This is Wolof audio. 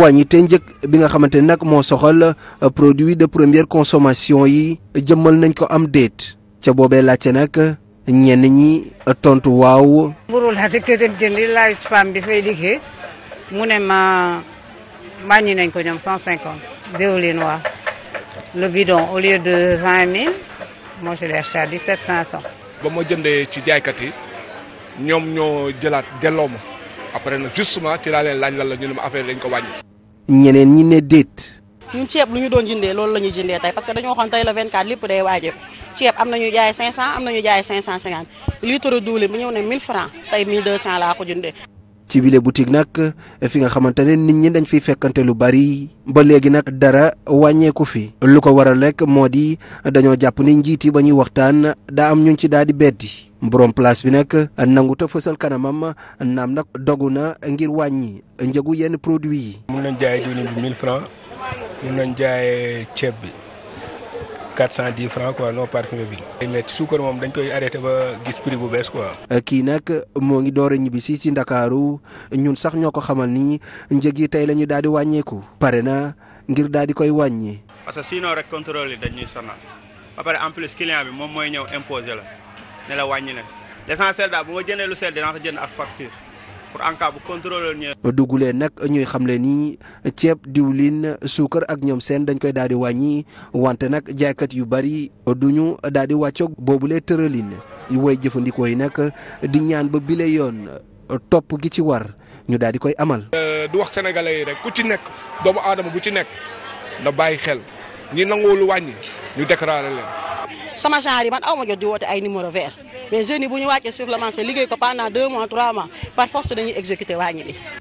wàññite njëg bi nga xamante ne nag moo soxal euh, produit de première consomation yi jëmmal nañ ko am déet ca boobee laajte nag ñenn ñi tontu waaw. mburul xati këtëm jëndi laaj femme bi fay liggéey mu ne ma wàññi nañ ko ñoom cent cinquante. diwlin waaw au lieu de vingt moo moi je l'ai acheté à dix ba ma jëndee ci jaaykat yi ñoom ñoo jëlaat delloo ma. après nag justement ci laa leen laaj la ñu ma affaire dañ ko wàññi. ñeneen ñi ne déet. ñun ceeb lu ñu doon jëndee loolu la jëndee tey parce que dañoo xam tey la 24 lépp day waajeeku ceeb am na ñu jaay 500 am na ñu jaay 550 litre diwlin bu ñëw ne 1000 francs tey 1200 laa ko jëndee. ci bile boutique nag fi nga xamante ne nit ñi dañ fiy fekkante lu bari ba léegi nag dara wàññeeku fi lu ko waral rek moo di dañoo jàpp ni njiit yi ba ñuy waxtaan daa am ñu ci daal di beddi borom place bi nag nangu ta fësal kanamam naam nag dogu na ngir wàññi njëgu yenn produit yi. mun nañ jaayee ceeb bi. quatre cent dix franc quoi non parfumé bi. day métti suukar moom dañ koy arrêté ba gis prix bu bees quoi. Euh, kii nag moo ngi door a ñibbisi ci ndakaaru ñun sax ñoo ko xamal ni njëg yi tey la ñu daal di wàññeeku. pare na ngir daal di koy wàññi. parce que sinon rek contrôle yi dañuy sonal ba pare en plus client bi moom mooy ñëw imposé la ne la wàññi na l'essentiel daal bu ma jëndee lu sedd jënd ak facture. pour ANCAR bu contrôler ñu. duggulee nag ñuy xamle ni ceeb diwlin suukar ak ñoom seen dañ koy daal di wàññi wante nag jaaykat yu bari duñu daal di wàccoog boobule tëralin woy jëfandikoo yi nag di ñaan ba bile yoon topp gi ci war ñu daal di koy amal. Euh, du wax sénégalais yi rek ku ci nekk doomu aadama bu ci nekk na bàyyi xel ñi nangoo lu wàññi ñu déclaré leen. sama genre yi man aw ma jot di woote ay numéro vert. mais jeunes yi bu ñu wàccee sur le marché liggéey ko pendant 2 mois 3 mois par force dañuy exécuter wàññi bi